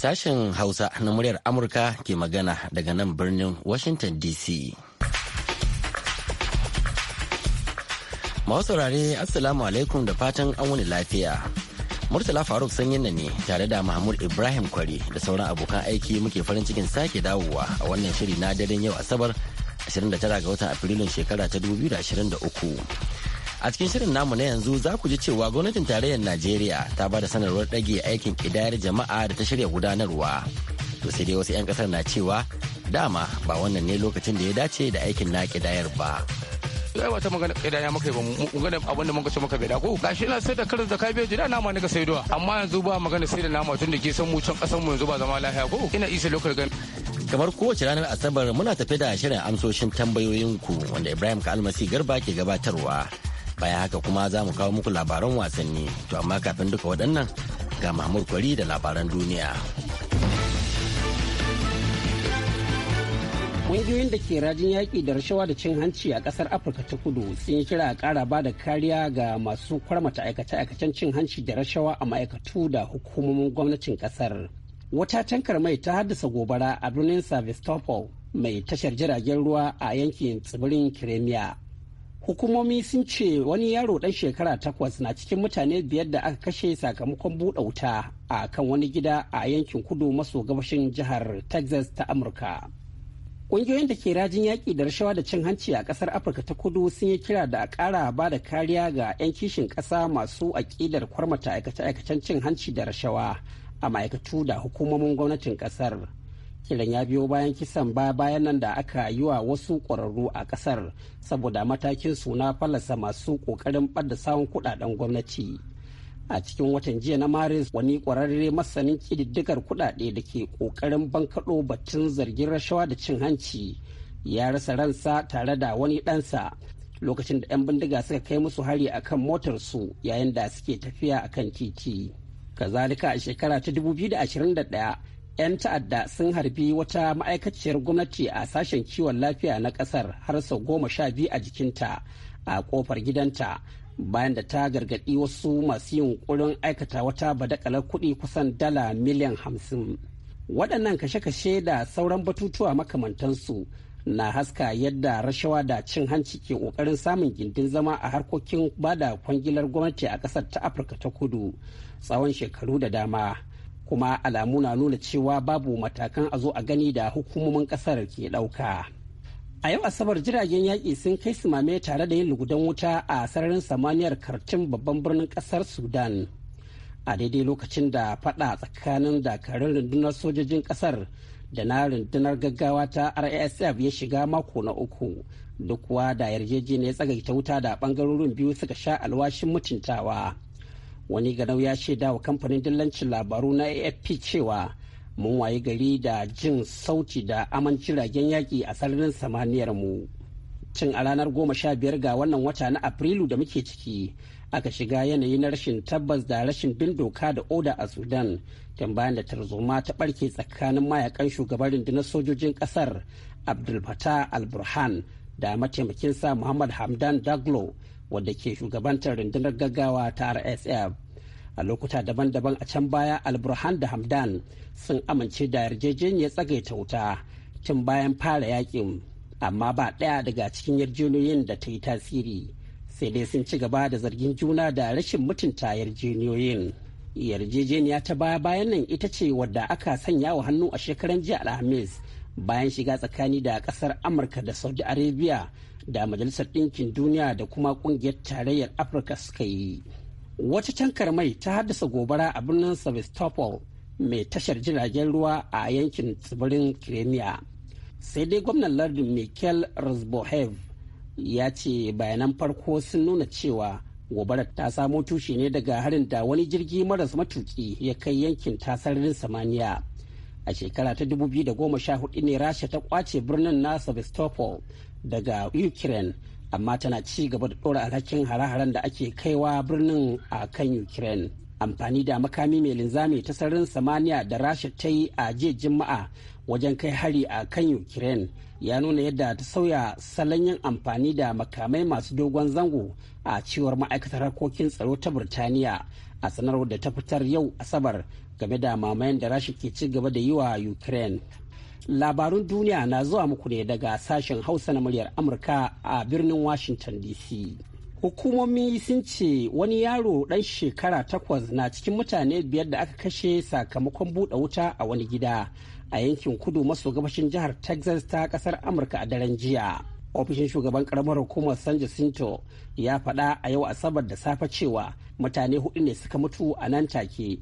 Sashen Hausa na muryar Amurka ke magana daga nan birnin Washington DC. Masu saurare Assalamu alaikum da fatan an wani lafiya. Murtala Faruk sanyin na ne tare da Mahmud Ibrahim Kwari da sauran abokan aiki muke farin cikin sake dawowa a wannan shiri na daren yau Asabar 29 ga watan Afrilun shekara ta 2023. a cikin shirin namu na yanzu za ku ji cewa gwamnatin tarayyar najeriya ta ba da sanarwar ɗage aikin ƙidayar jama'a da ta shirya gudanarwa to sai dai wasu 'yan ƙasar na cewa dama ba wannan ne lokacin da ya dace da aikin na ƙidayar ba sai wata magana ya maka ba magana abin da muka ce maka bai da ko gashi na sai da karin da kabeji da nama ne ka sai doa amma yanzu ba magana sai da nama tun da ke san mu can kasan mu yanzu ba zama lafiya ko ina isa lokal gan kamar kowace ranar asabar muna tafe da shirin amsoshin tambayoyinku wanda ibrahim Kalmasi garba ke gabatarwa baya haka kuma za mu kawo muku labaran wasanni to amma kafin duka waɗannan ga mahmud kwari da labaran duniya ƙungiyoyin da ke rajin yaƙi da rashawa da cin hanci a ƙasar afirka ta kudu sun yi kira a ƙara ba da kariya ga masu kwarmata aikace-aikacen cin hanci da rashawa a ma'aikatu da hukumomin gwamnatin ƙasar wata tankar mai ta haddasa gobara a birnin sevastopol mai tashar jiragen ruwa a yankin tsibirin kiremiya hukumomi sun ce wani yaro dan shekara takwas na cikin mutane biyar da aka kashe sakamakon buɗe wuta a kan wani gida a yankin kudu maso gabashin jihar texas ta amurka ƙungiyoyin da ke rajin yaƙi da rashawa da cin hanci a ƙasar afirka ta kudu sun yi kira da a ƙara ba da kariya ga 'yan kishin ƙasa masu aƙidar kwarmata aikace-aikacen cin hanci da rashawa a ma'aikatu da hukumomin gwamnatin ƙasar kiran ya biyo bayan kisan ba bayan nan da aka yi wa wasu ƙwararru a ƙasar saboda matakin suna fallasa masu ƙoƙarin ɓadda sawun kuɗaɗen gwamnati a cikin watan jiya na maris wani ƙwararre masanin kididdigar kuɗaɗe da ke ƙoƙarin bankaɗo batun zargin rashawa da cin hanci ya rasa ransa tare da wani ɗansa lokacin da 'yan bindiga suka kai musu hari akan motarsu yayin da suke tafiya akan titi kazalika a shekara ta 2021 'yan ta'adda sun harbi wata ma'aikaciyar gwamnati a sashen kiwon lafiya na kasar har sau goma sha biyu a jikinta a kofar gidanta bayan da ta gargaɗi wasu masu yunkurin aikata wata badakalar kuɗi kusan dala miliyan hamsin waɗannan kashe-kashe da sauran batutuwa makamantansu na haska yadda rashawa da cin hanci ke ƙoƙarin samun gindin zama a harkokin bada kwangilar gwamnati a ƙasar ta afirka ta kudu tsawon shekaru da dama kuma alamu na nuna cewa babu matakan a zo a gani da hukumomin kasar ke ɗauka. A yau Asabar jiragen yaƙi sun kai su tare da yin lugudan wuta a sararin samaniyar karcin babban birnin ƙasar Sudan. A daidai lokacin da faɗa tsakanin dakarun rundunar sojojin ƙasar da na rundunar gaggawa ta RSF ya shiga mako na uku. Duk da yarjejeniyar tsagaita wuta da ɓangarorin biyu suka sha alwashin mutuntawa. wani ganau ya shaida wa kamfanin dillancin labaru na afp cewa mun waye gari da jin sauti da aman jiragen yaƙi a sararin samaniyar mu cin a ranar goma sha biyar ga wannan wata na afrilu da muke ciki aka shiga yanayi na rashin tabbas da rashin bin doka da oda a sudan tun bayan da tarzoma ta barke tsakanin mayakan shugaban rundunar sojojin kasar abdulfata al-burhan da mataimakinsa muhammad hamdan daglo wadda ke shugabantar rundunar gaggawa ta rsf a lokuta daban-daban a can baya alburhan da hamdan sun amince da yarjejeniyar tsagaita wuta tun bayan fara yakin amma ba ɗaya daga cikin yarjejeniyoyin da ta yi tasiri sai dai sun ci gaba da zargin juna da rashin mutunta yarjejeniyoyin yarjejeniya ta baya bayan nan ita ce wadda aka sanya wa hannu a shekaran jiya alhamis bayan shiga tsakani da kasar amurka da saudi arabia da majalisar ɗinkin duniya da kuma ƙungiyar tarayyar afirka suka yi wata tankar mai ta haddasa gobara a birnin sevastopol mai tashar jiragen ruwa a yankin tsibirin kremia sai dai gwamnan lardin michael rosbohev ya ce bayanan farko sun nuna cewa gobarar ta samo tushe ne daga harin da wani jirgi maras matuki ya kai yankin tasararin samaniya a shekara ta 2014 ne rasha ta kwace birnin na sevastopol daga ukraine amma tana ci gaba da ɗora alhakin hare-haren da ake kaiwa birnin a kan ukraine amfani da makami mai linzami ta sararin samaniya da rasha ta yi a jiya juma'a wajen kai hari a kan ukraine ya nuna yadda ta sauya salon yin amfani da makamai masu dogon zango a cewar ma'aikatar harkokin tsaro ta birtaniya a sanarwar da ta fitar yau asabar game da mamayen da rasha ke ci gaba da yi wa ukraine labarun duniya na zuwa muku ne daga sashen hausa na muryar amurka a birnin washington dc hukumomi sun ce wani yaro dan shekara takwas na cikin mutane biyar da aka kashe sakamakon buɗe wuta a wani gida a yankin kudu maso gabashin jihar texas ta kasar amurka a daren jiya ofishin shugaban karamar hukumar san jacinto ya faɗa a yau asabar da safe cewa mutane hudu ne suka mutu a nan take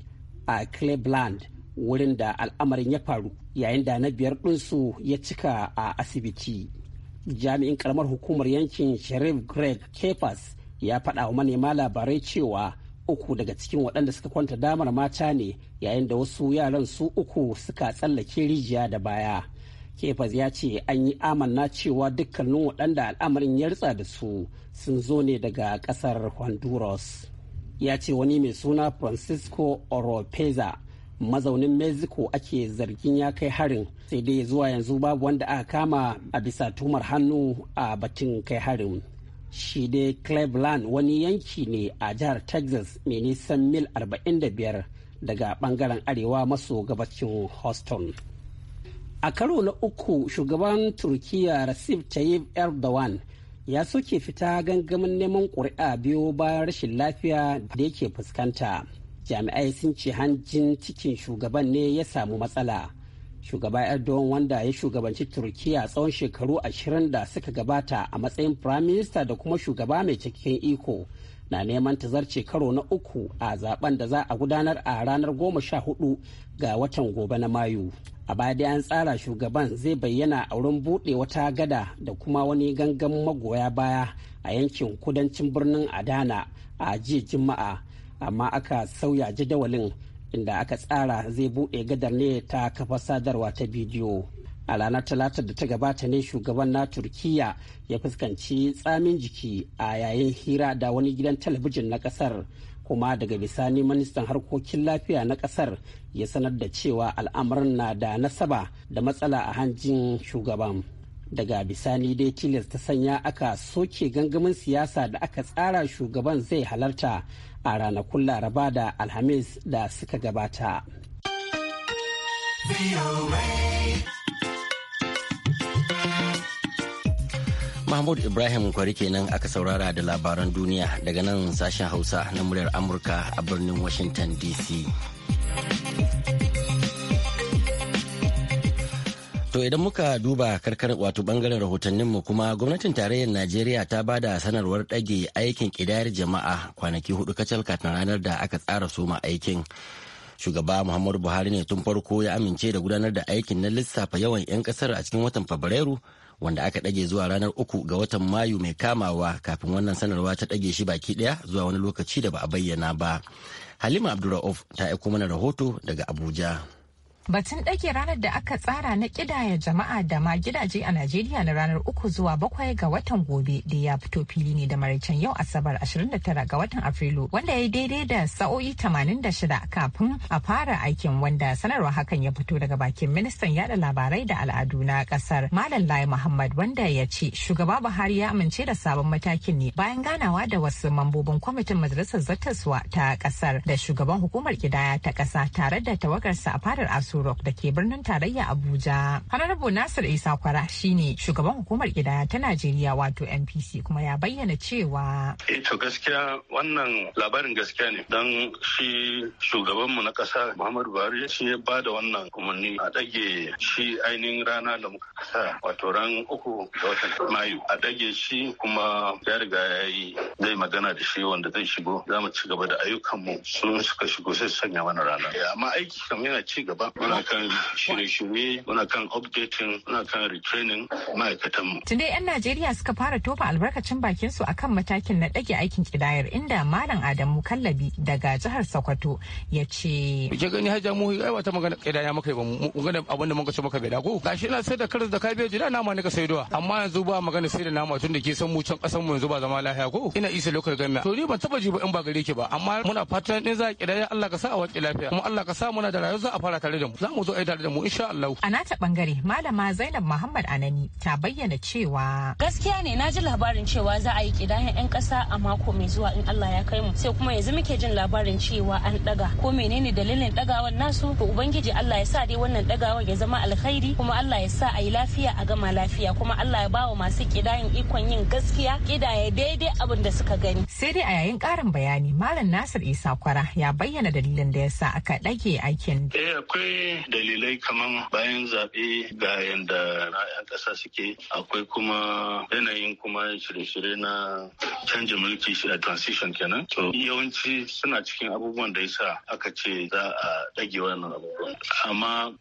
a cleveland wurin da al'amarin ya faru yayin da na biyar ɗinsu ya cika a asibiti jami'in karamar hukumar yankin sheriff greg kefas ya faɗa wa manema labarai cewa uku daga cikin waɗanda suka kwanta damar mata ne yayin da wasu yaran su uku suka tsallake rijiya da baya kefas ya ce an yi amanna cewa dukkanin waɗanda al'amarin ya ritsa da su sun zo ne daga ƙasar honduras ya ce wani mai suna francisco oropeza mazaunin mexico ake zargin ya kai harin sai dai zuwa yanzu babu wanda aka kama a bisa tumar hannu a batun kai harin shi dai cleveland wani yanki ne a jihar texas mai nisan mil 45 daga bangaren arewa maso gabacin houston a karo na uku shugaban turkiya recep tayyip erdogan ya soke fita gangamin neman ƙuri'a biyu bayan rashin lafiya da yake fuskanta jami'ai sun ce hanjin cikin shugaban ne ya samu matsala shugaba erdogan wanda ya shugabanci turkiya tsawon shekaru ashirin da suka gabata a matsayin prime minister da kuma shugaba mai cikin iko na neman tazarce karo na uku a zaben da za a gudanar a ranar goma sha hudu ga watan gobe na mayu a baya dai an tsara shugaban zai bayyana a wurin buɗe wata gada da kuma wani gangan magoya baya a yankin kudancin birnin adana a jiya juma'a amma aka sauya jadawalin inda aka tsara zai buɗe gadar ne ta kafa sadarwa ta bidiyo a ranar talata da ta gabata ne shugaban na turkiya ya fuskanci tsamin jiki a yayin hira da wani gidan talabijin na kasar kuma daga bisani ministan harkokin lafiya na kasar ya sanar da cewa al'amarin na da nasaba da matsala a hanjin shugaban daga bisani dai tilas ta sanya aka soke gangamin siyasa da aka tsara shugaban zai halarta a ranakun laraba da alhamis da suka gabata. Mahmud Ibrahim Kwari kenan aka saurara da labaran duniya daga nan sashen Hausa na muryar Amurka a birnin Washington DC. To idan muka duba karkar wato bangaren rahotanninmu kuma gwamnatin tarayyar Najeriya ta ba da sanarwar ɗage aikin kidayar jama'a kwanaki hudu kacal kafin ranar da aka tsara soma aikin. Shugaba Muhammadu Buhari ne tun farko ya amince da gudanar da aikin na lissafa yawan 'yan ƙasar a cikin watan Fabrairu wanda aka ɗage zuwa ranar uku ga watan mayu mai kamawa kafin wannan sanarwa ta ɗage shi baki ɗaya zuwa wani lokaci da ba a bayyana ba halima abdulra'uf ta aiko mana rahoto daga abuja batun ɗage ranar da aka tsara na ƙidaya jama'a da ma gidaje a Najeriya na ranar uku zuwa bakwai ga watan gobe da ya fito fili ne da maraicen yau Asabar 29 ga watan Afrilu wanda ya yi daidai da sa'o'i 86 kafin a fara aikin wanda sanarwa hakan ya fito daga bakin ministan yada labarai da al'adu na kasar Malam Lai Muhammad wanda ya ce shugaba Buhari ya amince da sabon matakin ne bayan ganawa da wasu mambobin kwamitin majalisar zartaswa ta kasar da shugaban hukumar ƙidaya ta ƙasa tare da tawagarsa a fadar asu Rock da ke birnin tarayya Abuja. Honorable Nasir Isa Kwara shine shugaban hukumar kidaya ta Najeriya wato NPC kuma ya bayyana cewa. ito eh, gaskiya wannan labarin gaskiya ne don shi shugabanmu na ƙasa Muhammadu Buhari shi ya ba da wannan umarni a ɗage shi ainihin rana da muka kasa wato ran uku da watan Mayu a ɗage shi kuma ya riga ya yi zai magana da shi wanda zai shigo za mu ci gaba da ayyukanmu sun suka shigo sai sanya wani rana. Eh, amma aiki kam yana ci gaba muna kan shirye-shirye muna kan updating muna kan retraining ma'aikatanmu. Tunda 'yan Najeriya suka fara tofa albarkacin bakin su akan matakin na ɗage aikin kidayar inda Malam Adamu Kallabi daga jihar Sokoto ya ce. Ke gani hajja mu ai wata magana kidaya maka yi ba mu gane abin da muka ce muka gaida Ga gashi na sai da karas da kabeji da nama ne ka saidowa amma yanzu ba magana sai da nama tun da ke san mu can kasan mu yanzu ba zama lafiya ko ina isa lokal gamiya to ni ban taba ji ba in ba gare ki ba amma muna fatan in za a Allah ka sa a wace lafiya kuma Allah ka sa muna da rayuwa za a fara tare da mu. za mu zo a da mu insha Allah. A nata bangare malama Zainab Muhammad Anani ta bayyana cewa. Gaskiya ne na ji labarin cewa za a yi kidayen 'yan ƙasa a mako mai zuwa in Allah ya kai mu sai kuma yanzu muke jin labarin cewa an daga ko menene dalilin ɗagawan nasu to ubangiji Allah ya sa dai wannan dagawan ya zama alkhairi kuma Allah ya sa a yi lafiya a gama lafiya kuma Allah ya bawa masu kidayen ikon yin gaskiya kidaye daidai abin da suka gani. Sai dai a yayin ƙarin bayani Malam Nasir Isa Kwara ya bayyana dalilin da ya sa aka ɗage aikin. Eh akwai dalilai kaman bayan zaɓe ga yadda ra'ayin ƙasa suke akwai kuma yanayin kuma shirye-shirye na canji mulki a transition kenan to yawanci suna cikin abubuwan da yasa aka ce za a ɗage wannan abubuwan amma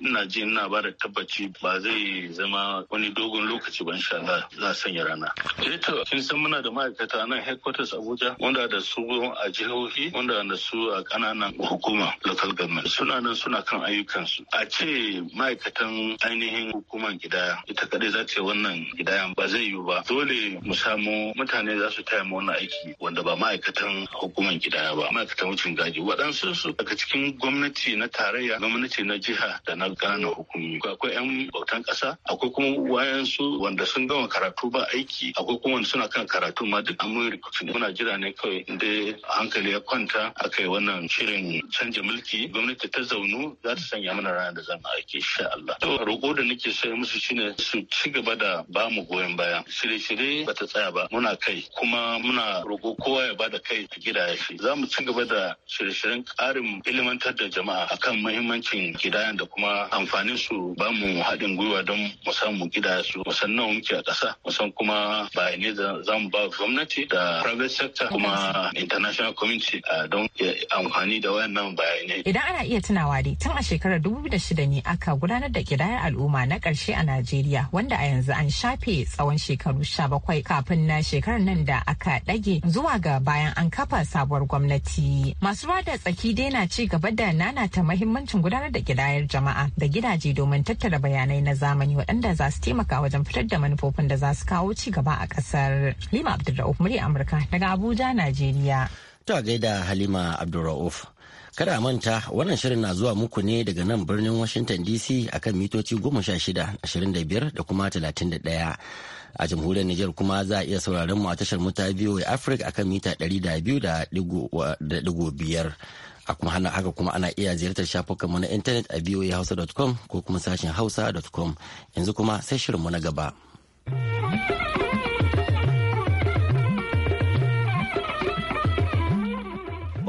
ina ji ina ba da tabbaci ba zai zama wani dogon lokaci ba insha Allah za a sanya rana eh to kin san muna da ma'aikata nan headquarters Abuja wanda da su a jihohi wanda da su a ƙananan hukuma local government suna nan suna suna kan ayyukansu a ce ma'aikatan ainihin hukumar gida ita kadai za ta yi wannan gidayan ba zai yiwu ba dole mu samu mutane za su taya mu wannan aiki wanda ba ma'aikatan hukumar gida ba ma'aikatan wucin gaji waɗansu su daga cikin gwamnati na tarayya gwamnati na jiha da na gana hukumi akwai 'yan bautan ƙasa akwai kuma wayansu wanda sun gama karatu ba aiki akwai kuma wanda suna kan karatu ma duk amma rikicin muna jira ne kawai inda hankali ya kwanta yi wannan shirin canja mulki gwamnati ta zaunu mu za ta sanya mana ranar da zan ake sha Allah. To roƙo da nake so musu shine su ci gaba da ba mu goyon baya. Shirye-shirye ba ta tsaya ba muna kai kuma muna roƙo kowa ya bada kai a gidaya shi. Za mu ci gaba da shirye-shiryen ƙarin ilimantar da jama'a akan muhimmancin gidayen da kuma amfanin su ba mu haɗin gwiwa don mu samu gidaya su san nawa muke a ƙasa san kuma bayanai da za mu ba gwamnati da private sector kuma international community don amfani da wayannan bayanai. Idan ana iya tunawa dai tun a shekarar 2006 ne aka gudanar da kidayar al'umma na karshe a Najeriya wanda a yanzu an shafe tsawon shekaru 17 kafin na shekarar nan da aka ɗage zuwa ga bayan an kafa sabuwar gwamnati. Masu rada tsaki dai na ci gaba da nanata muhimmancin gudanar da kidayar jama'a da gidaje domin tattara bayanai na zamani waɗanda za su taimaka wajen fitar da manufofin da za su kawo ci gaba a ƙasar. Lima Abdulra'uf murya Amurka daga Abuja, Najeriya. Ta gaida Halima Abdulra'uf. Kada manta wannan shirin na zuwa muku ne daga nan birnin Washington DC akan mitoci 16, 25 da kuma 31. a jamhuriyar niger kuma za a iya sauraron mu a tashar muta a Africa akan mita 200.5 a kuma hana haka kuma ana iya ziyartar shafukan mu na intanet a voahausa.com ko kuma sashin hausa.com yanzu kuma sai shirin mu na gaba.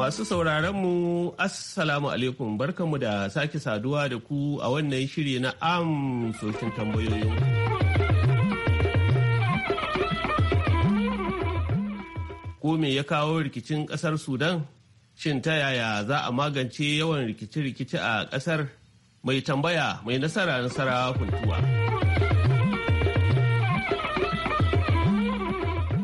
Masu sauraron mu Assalamu alaikum barkanmu da sake saduwa da ku a wannan shiri na amsoshin tambayoyin. Ko me ya kawo rikicin ƙasar Sudan? Shin ta yaya za a magance yawan rikici-rikici a ƙasar mai tambaya mai nasara nasara kuntuwa.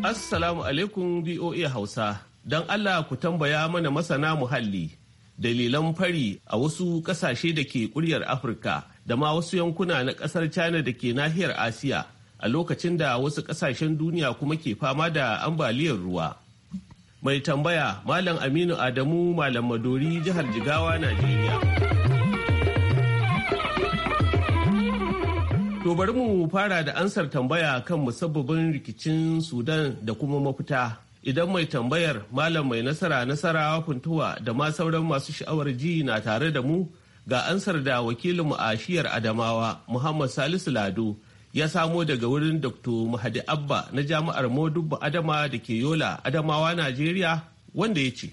Assalamu alaikum BOA Hausa. don Allah ku tambaya mana masana muhalli dalilan fari a wasu ƙasashe da ke ƙuryar Afirka da ma wasu yankuna na ƙasar China da ke nahiyar Asiya a lokacin da wasu ƙasashen duniya kuma ke fama da ambaliyar ruwa. Mai tambaya Malam Aminu Adamu Malam Madori jihar Jigawa, Najeriya. To bari mu fara da ansar tambaya kan musabbabin rikicin Sudan da kuma mafita. idan mai tambayar malam mai nasara nasara kuntuwa da ma sauran masu sha'awar ji na tare da mu ga ansar da wakilinmu a shiyar adamawa muhammad salisu lado ya samo daga wurin dr mahadi abba na jami'ar modubba adama da ke yola adamawa najeriya wanda ya ce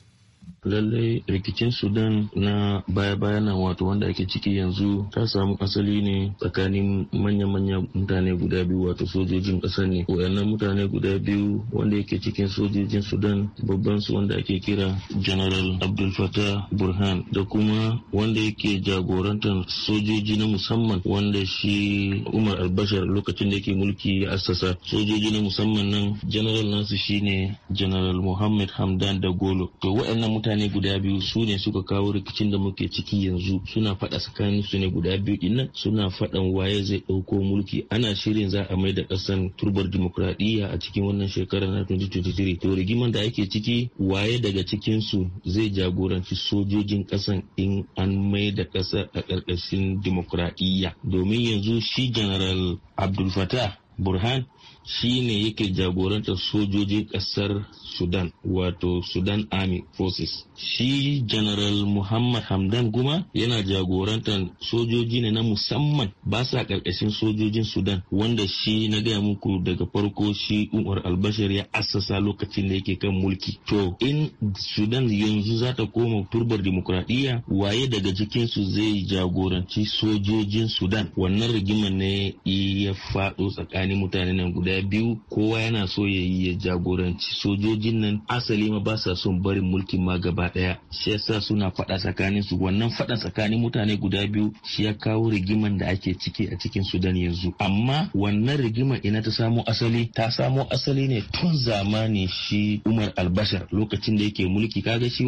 lallai rikicin sudan na baya-baya na wato wanda ake ciki yanzu ta samu asali ne tsakanin manya-manya mutane guda biyu wato sojojin ƙasar ne wayannan mutane guda biyu wanda yake cikin sojojin sudan babban su wanda ake kira general abdul fatah burhan da kuma wanda yake jagorantar sojoji na musamman wanda shi umar albashar lokacin da yake mulki ya assasa sojoji na musamman nan general nasu shine general muhammad hamdan da golo to wayannan mutane guda biyu su ne suka kawo rikicin da muke ciki yanzu suna faɗa tsakanin su ne guda biyu nan suna faɗan waye zai ɗauko mulki ana shirin za a mai da ƙasan turbar dimokuraɗiyya a cikin wannan shekarar na 2023 to rigiman da ake ciki waye daga cikin su zai jagoranci sojojin ƙasan in an mai da ƙasar a ƙarƙashin dimokuraɗiyya domin yanzu shi general abdul fatah burhan shi ne yake jagorantar sojojin ƙasar Sudan wato Sudan Army Forces. Shi General Muhammad Hamdan Guma yana jagorantar sojoji ne na musamman ba sa ƙarƙashin sojojin Sudan wanda shi na gaya muku daga farko shi Umar Albashir ya assasa lokacin da yake kan mulki. To in Sudan yanzu za ta koma turbar dimokuraɗiyya waye daga cikinsu zai jagoranci sojojin Sudan wannan rigimar ne ya faɗo tsakanin mutanen nan guda guda biyu kowa yana so ya yi ya jagoranci sojojin nan asali ma ba sa son barin mulkin ma gaba daya shi yasa suna faɗa tsakanin su wannan faɗan tsakanin mutane guda biyu shi ya kawo rigiman da ake ciki a cikin Sudan yanzu amma wannan rigimar ina ta samo asali ta samo asali ne tun zamani shi Umar Albashar lokacin da yake mulki kaga shi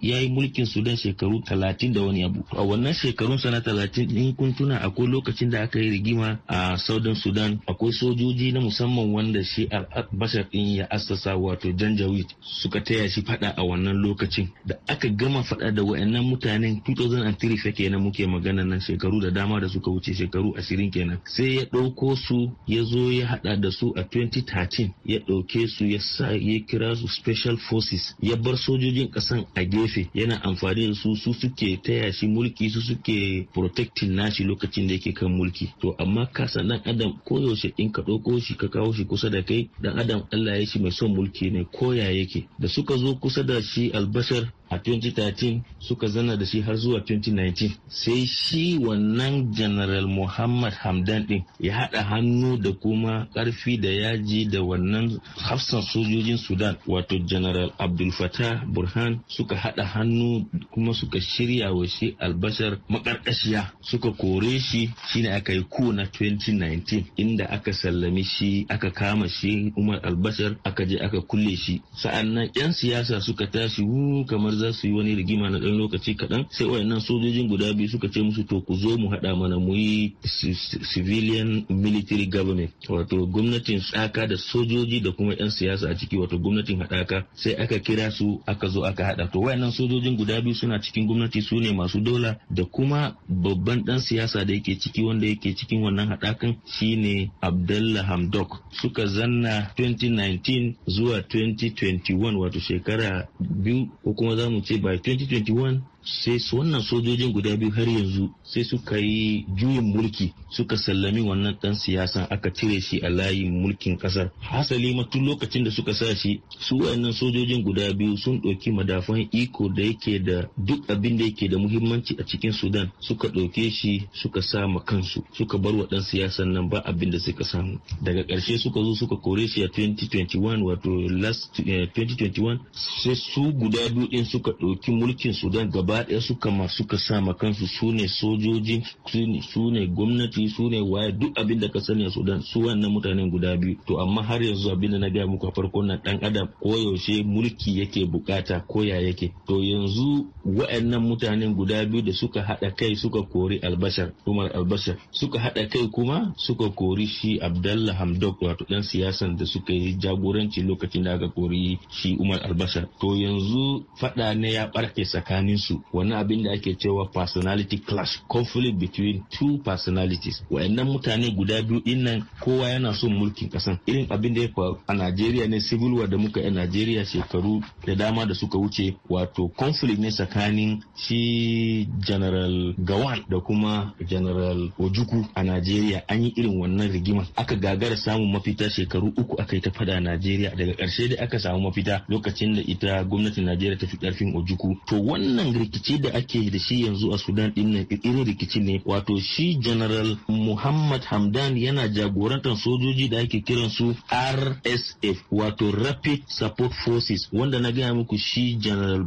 ya yi mulkin Sudan shekaru talatin da wani abu a wannan shekarun sana talatin in kun tuna akwai lokacin da aka yi rigima a Southern Sudan akwai sojoji na musamman musamman wanda shi al'abashar din ya assasa wato janjawid suka taya shi fada a wannan lokacin da aka gama fada da wayannan mutanen 2003 fa kenan muke magana nan shekaru da dama da suka wuce shekaru 20 kenan sai ya ɗauko su ya zo ya hada da su a 2013 ya ɗauke su ya sa ya kira su special forces ya bar sojojin kasan a gefe yana amfani da su su suke taya shi mulki su suke protecting nashi lokacin da yake kan mulki to amma kasa dan adam koyaushe in ka ɗauko shi ka kawo shi kusa da kai dan adam Allah ya shi mai son mulki ne koya yake da suka zo kusa da shi albashar a 2013 suka zana da shi har zuwa 2019 sai shi wannan general muhammad hamdan din ya haɗa hannu da kuma ƙarfi da yaji da wannan hafsan sojojin sudan wato general abdul fatah burhan suka haɗa hannu kuma suka shirya wa shi albashar makarkashiya suka kore shi shine aka yi ku na 2019 inda aka sallami shi aka kama shi umar albashar aka je aka kulle shi sa'an 'yan siyasa suka tashi kamar za su yi wani rigima na ɗan lokaci kaɗan sai wayannan sojojin guda biyu suka ce musu to ku zo mu haɗa mana mu yi civilian military government wato gwamnatin tsaka da sojoji da kuma 'yan siyasa a ciki wato gwamnatin haɗaka sai aka kira su aka zo aka haɗa to wayannan sojojin guda biyu suna cikin gwamnati su ne masu dola da kuma babban ɗan siyasa da yake ciki wanda yake cikin wannan haɗakan shine Abdullah Hamdok suka zanna 2019 zuwa 2021 wato shekara biyu ko kuma za We mu by 2021 sai su wannan sojojin guda biyu har yanzu sai suka yi juyin mulki suka sallami wannan dan siyasan aka cire shi a layin mulkin kasar hasali ma tun lokacin da suka sa shi su wayannan sojojin guda biyu sun ɗauki madafan iko da yake da duk abin da yake da muhimmanci a cikin sudan suka ɗauke shi suka sa ma kansu suka bar wa dan siyasan nan ba abin da suka samu daga ƙarshe suka zo suka kore shi a 2021 wato last 2021 eh, sai su guda biyu din suka ɗauki mulkin sudan gaba gaba ɗaya suka ma suka sa ma kansu su ne sojoji su ne gwamnati su ne waye duk abin da ka sani a sudan su wannan mutanen guda biyu to amma har yanzu abin da na gaya muku a farko na dan adam ko yaushe mulki yake bukata ya yake to yanzu wa'annan mutanen guda biyu da suka haɗa kai suka kori albashar umar albashar suka haɗa kai kuma suka kori shi abdallah hamdok wato dan siyasan da suka yi jagoranci lokacin da aka kori shi umar albashar to yanzu faɗa ne ya ɓarke tsakaninsu wani abin da ake cewa personality clash conflict between two personalities wayannan mutane guda biyu din nan kowa yana son mulkin kasan irin abin da ya faru a Najeriya ne civil war da muka yi Najeriya shekaru da dama da suka wuce wato conflict ne tsakanin shi general Gawan da kuma general Ojuku a Najeriya an yi irin wannan rigima aka gagara samun mafita shekaru uku aka yi ta fada a Najeriya daga ƙarshe da aka samu mafita lokacin da ita gwamnatin Najeriya ta fi ƙarfin Ojuku to wannan rikici da ake da shi yanzu a Sudan din nan irin rikici ne wato shi General Muhammad Hamdan yana jagorantar sojoji da ake kiran su RSF wato Rapid Support Forces wanda na gaya muku shi General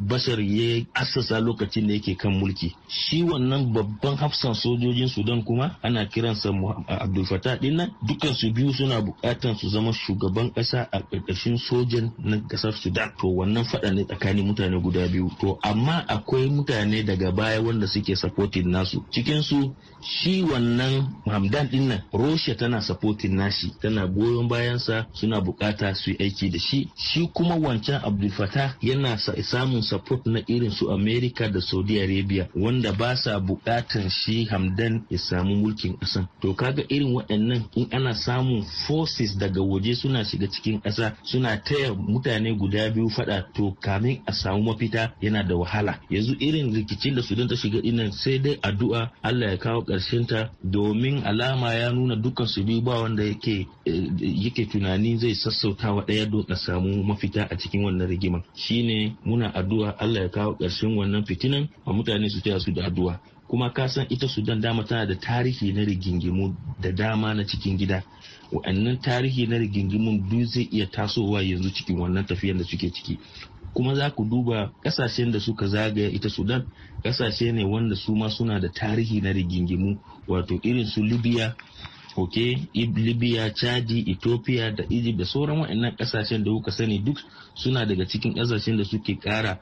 Bashar ya assasa lokacin da yake kan mulki shi wannan babban hafsan sojojin Sudan kuma ana kiransa Abdul Fattah din nan dukkan su biyu suna bukatan su zama shugaban kasa a ƙarƙashin sojan na ƙasar Sudan to wannan faɗa ne tsakanin mutane guda biyu to a amma akwai mutane daga baya wanda suke supporting nasu cikin su shi wannan hamdan din nan roshe tana supporting nashi tana goyon bayansa suna bukata su yi aiki da shi shi kuma wancan abdul fatah yana samun support na irin su america da saudi arabia wanda ba sa bukatan shi hamdan ya samu mulkin kasan to kaga irin waɗannan in ana samun forces daga waje suna shiga cikin ƙasa suna taya mutane guda biyu faɗa to kamin a samu mafita yana da wahala yanzu irin rikicin da sudan ta shiga dinnan sai dai addu'a allah ya kawo ƙarshen ta domin alama ya nuna dukkan su biyu ba wanda yake eh, yake tunani zai sassauta wa ɗaya don samu mafita a cikin wannan rigiman shine muna addu'a allah ya kawo ƙarshen wannan fitinan a mutane su tsaya su da addu'a kuma ka san ita sudan dama tana da tarihi na rigingimu da dama na cikin gida wa'annan tarihi na rigingimun duk zai iya tasowa yanzu cikin wannan tafiyar da suke ciki kuma za ku duba kasashen da suka zagaya ita sudan kasashe ne wanda su ma suna da tarihi na rigingimu wato irin su libya ok libya chadi ethiopia da egypt da sauran waɗannan kasashen da kuka sani duk suna daga cikin kasashen da suke kara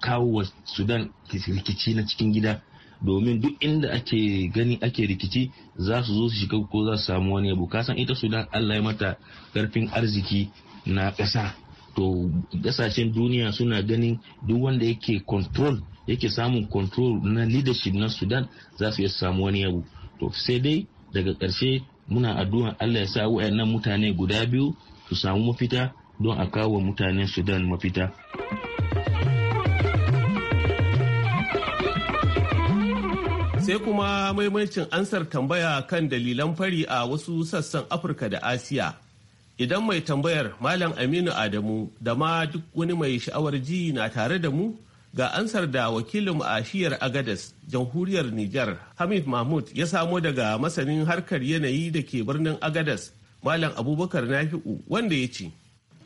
kawo wa sudan rikici na cikin gida domin duk inda ake gani ake rikici za su zo su shiga ko za su samu wani abu kasan ita sudan allah ya mata karfin arziki na ƙasa to kasashen duniya suna ganin duk wanda yake control yake samun control na leadership na sudan za su iya samu wani abu to sai dai daga karshe muna addu'a allah ya sa wayannan mutane guda biyu su samu mafita don a kawo mutanen sudan mafita sai kuma maimacin ansar tambaya kan dalilan fari a wasu sassan afirka da asiya Idan mai tambayar Malam Aminu Adamu da ma duk wani mai sha'awar ji na tare da mu ga ansar da wakilin a shiyar Agadas jamhuriyar Nijar Hamid Mahmud ya samo daga masanin harkar yanayi da ke birnin Agadas Malam Abubakar Nafi'u wanda ya ce.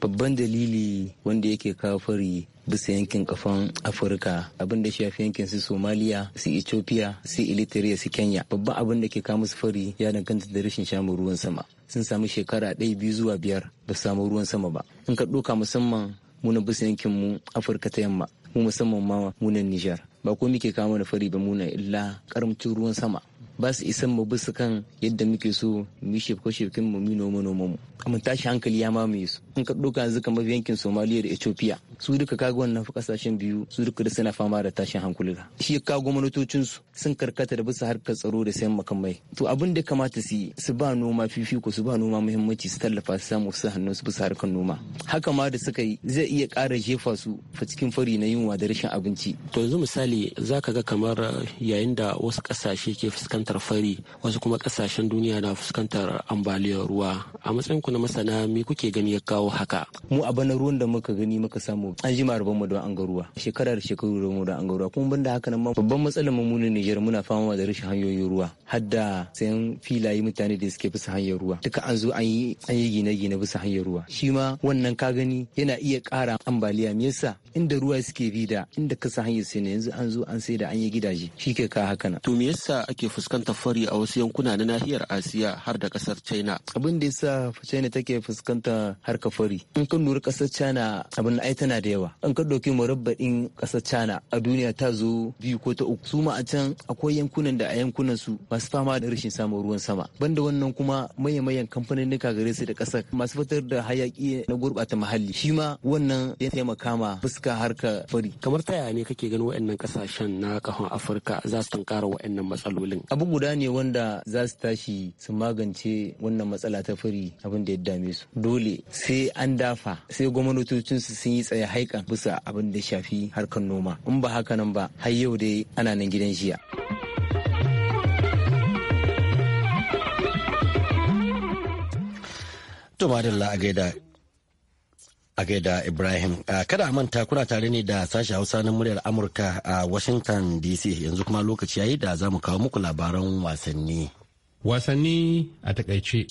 Babban dalili wanda yake kafari fari bisa yankin kafan afirka abin da shafi yankin su somaliya su ethiopia su eritrea su kenya babban abin da ke kawo musu fari ya danganta da rashin shamun ruwan sama sun samu shekara ɗaya biyu zuwa biyar ba su samu ruwan sama ba in ka ɗoka musamman munan bisa yankin mu afirka ta yamma mu musamman ma munan nijar ba ko muke kawo mana fari ba muna illa karamcin ruwan sama ba su isan mu bisa kan yadda muke so mu yi shefko shefkin mu mu noma noma mu amma tashi hankali ya mamaye su an ka doka yanzu kamar yankin somaliya da Ethiopia su duka kaga wannan kasashen biyu su duka da suna fama da tashin hankula shi ya kago manotocin su sun karkata da bisa harkar tsaro da sayan makamai to abin da kamata su yi su ba noma fifiko su ba noma muhimmanci su tallafa su samu su hannun su bisa harkar noma haka ma da suka yi zai iya ƙara jefa su fa cikin fari na yunwa da rashin abinci to yanzu misali zaka ga kamar yayin da wasu kasashe ke fuskantar fuskantar fari wasu kuma kasashen duniya na fuskantar ambaliyar ruwa a matsayin ku na masana me kuke gani ya kawo haka mu a bana ruwan da muka gani muka samu an jima rabon mu don an ga ruwa shekarar shekaru rabon mu don an ga ruwa kuma banda haka nan babban matsalar mu ne Niger muna fama da rashin hanyoyin ruwa hadda sayan filaye mutane da suke bisa hanyar ruwa duka an zo an yi an yi gine-gine bisa hanyar ruwa shi ma wannan ka gani yana iya kara ambaliya me yasa inda ruwa suke bi da inda kasa hanyar sai ne yanzu an zo an sai da an yi gidaje shi ke ka haka na to me yasa ake fuskantar kan fari a wasu yankuna na nahiyar asiya har da kasar china abin da yasa china take fuskanta harka fari in kan lura kasar china abin ai tana da yawa an ka ɗauki murabba'in kasar china a duniya ta zo biyu ko ta uku su ma a can akwai yankunan da a yankunan su masu fama da rashin samun ruwan sama banda wannan kuma mayan kamfaninnika gare su da kasar masu fitar da hayaki na gurbata muhalli shi ma wannan ya taimaka ma fuska harka fari kamar ta yaya ne kake ganin waɗannan kasashen na kahon afirka za su tankara waɗannan matsalolin abu guda ne wanda za su tashi su magance wannan matsala ta fari abin da ya dame su dole sai an dafa sai gwamnatocin su sun yi tsaye haikan bisa abin da shafi harkar noma in ba haka nan ba har yau dai ana nan gidan jiya. To madalla a gaida a gaida ibrahim kada a manta kuna tare ne da sashi hausa na muryar amurka a washington dc yanzu kuma lokaci yayi da za mu kawo muku labaran wasanni wasanni a takaice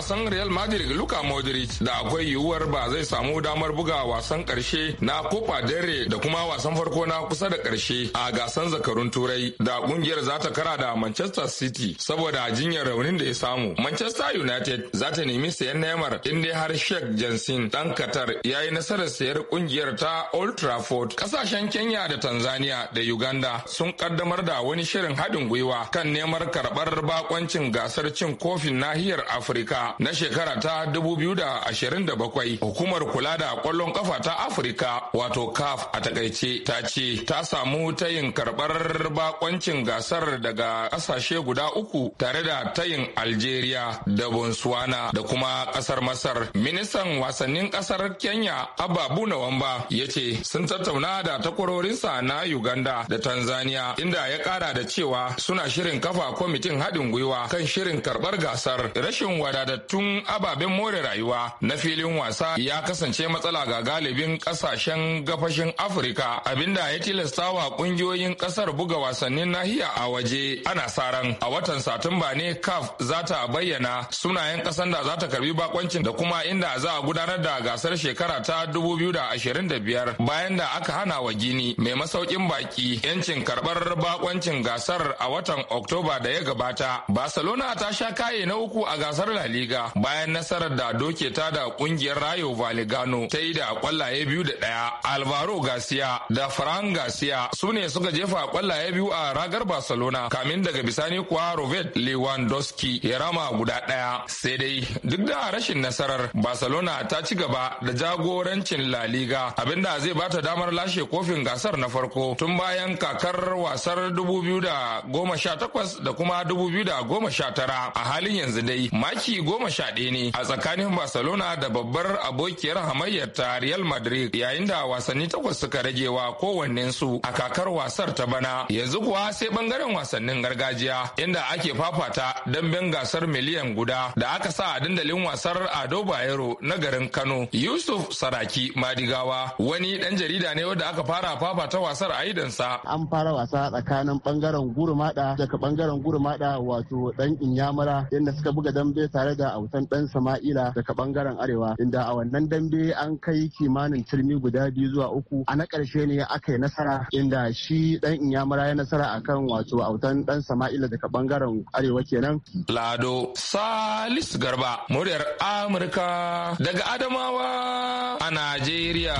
wasan Real Madrid Luka Modric da akwai yiwuwar ba zai samu damar buga wasan karshe na Copa del Rey da kuma wasan farko na kusa da karshe a gasan zakarun Turai da kungiyar za ta kara da Manchester City saboda jinyar raunin da ya samu. Manchester United za ta nemi sayan Neymar in dai har Sheikh Jensen dan Qatar ya yi nasarar sayar kungiyar ta Old Trafford. Kasashen Kenya da Tanzania da Uganda sun kaddamar da wani shirin haɗin gwiwa kan neman karɓar bakoncin gasar cin kofin nahiyar Afirka na shekara ta 2027 hukumar kula da kwallon kafa ta Afirka wato CAF a takaice ta ce ta samu tayin karbar bakoncin gasar daga kasashe guda uku tare da tayin Algeria da Botswana da kuma kasar Masar. Ministan wasannin kasar Kenya Ababu Nawamba ya ce sun tattauna da takwarorinsa na Uganda da Tanzania inda ya kara da cewa suna shirin kafa kwamitin haɗin gwiwa kan shirin karbar gasar rashin wadata Tun ababen more rayuwa na filin wasa ya kasance matsala ga galibin kasashen gafashin Afirka abinda ya tilasta wa kungiyoyin kasar buga wasannin nahiya a waje ana saran a watan Satumba ne CAF za ta bayyana sunayen kasan da za ta karbi bakoncin da kuma inda za a gudanar da gasar shekara ta da biyar bayan da aka hana wa Gini mai masaukin baki yancin karbar bakoncin gasar a watan Oktoba da ya gabata. Barcelona ta sha kaye na uku a gasar La Liga bayan nasarar da doke ta da kungiyar Rayo valigano ta yi da kwallaye biyu da ɗaya. Alvaro Garcia da Fran Garcia su ne suka jefa kwallaye biyu a ragar Barcelona kamin daga bisani kuwa Robert Lewandowski ya rama guda ɗaya. Sai dai duk da rashin nasarar Barcelona ta ci gaba da jagorancin La Liga abinda zai bata damar lashe kofin gasar na farko tun bayan kakar wasar 2018 da kuma 2019 a halin yanzu dai maki goma sha ɗaya ne a tsakanin barcelona da babbar abokiyar hamayyar ta real madrid yayin da wasanni takwas suka rage wa kowannensu a kakar wasar ta bana yanzu kuwa sai bangaren wasannin gargajiya inda ake fafata damben gasar miliyan guda da aka sa a dandalin wasar ado bayero na garin kano yusuf saraki madigawa wani dan jarida ne wanda aka fara fafata wasar a idansa an fara wasa tsakanin bangaren gurmada daga bangaren gurmada wato dan inyamura yadda suka buga dambe tare da da wutan dan sama'ila daga bangaren arewa inda a wannan dambe an kai kimanin turmi guda biyu zuwa uku a na karshe ne aka yi nasara inda shi dan inyamura ya nasara akan wato A wutan dan sama'ila daga bangaren arewa kenan lado salisu garba muryar amurka daga adamawa a najeriya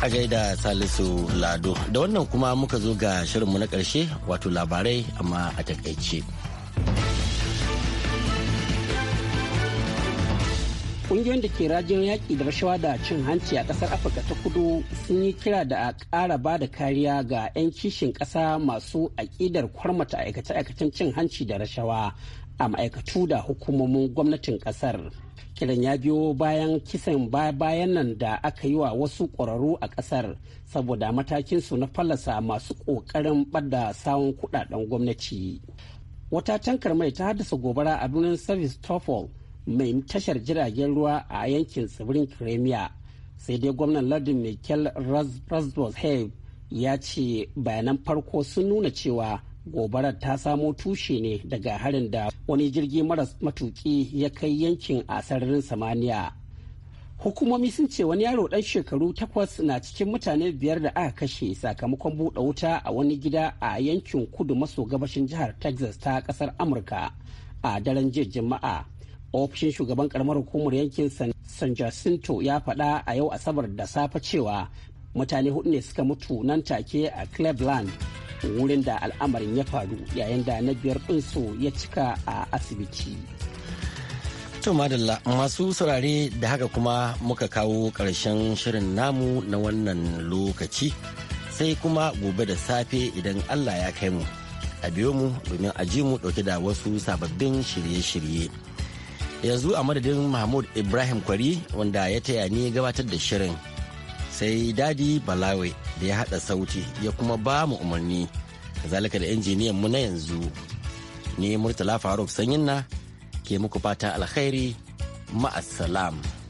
a gaida salisu lado da wannan kuma muka zo ga shirinmu na karshe wato labarai amma a takaice ƙungiyoyin da ke rajin yaƙi da rashawa da cin hanci a ƙasar afirka ta kudu sun yi kira da a ƙara ba da kariya ga 'yan kishin ƙasa masu aƙidar kwarmata aikace-aikacen cin hanci da rashawa a ma'aikatu da hukumomin gwamnatin kasar kiran ya biyo bayan kisan bayan nan da aka yi wa wasu ƙwararru a ƙasar saboda matakinsu na fallasa masu ƙoƙarin ɓadda sawun kuɗaɗen gwamnati wata tankar mai ta haddasa gobara a birnin service mai tashar jiragen ruwa a yankin tsibirin kremia sai dai gwamnan lardin michael rasbos ya ce bayanan farko sun nuna cewa gobarar ta samo tushe ne daga harin da wani jirgi mara matuki ya kai yankin a sararin samaniya hukumomi sun ce wani yaro dan shekaru takwas na cikin mutane biyar da aka kashe sakamakon buɗe wuta a wani gida a yankin kudu maso gabashin jihar texas ta ƙasar amurka a daren jiya juma'a ofishin shugaban karamar hukumar yankin san jacinto ya faɗa a yau asabar da safe cewa mutane hudu ne suka mutu nan take a cleveland wurin da al'amarin ya faru yayin da na biyar ɗinsu ya cika a asibiti. To madalla masu saurare da haka kuma muka kawo ƙarshen shirin namu na wannan lokaci sai kuma gobe da safe idan Allah ya kai mu a biyo mu domin a ji mu ɗauke da wasu sababbin shirye-shirye. Yanzu a madadin Mahmud Ibrahim Kwari wanda ya taya ni gabatar da shirin. sai dadi balawe da ya hada sauti ya kuma ba mu umarni kazalika da injiniyan mu na yanzu ne murtala faruk sanyin na ke muku fata alkhairi ma'asalam.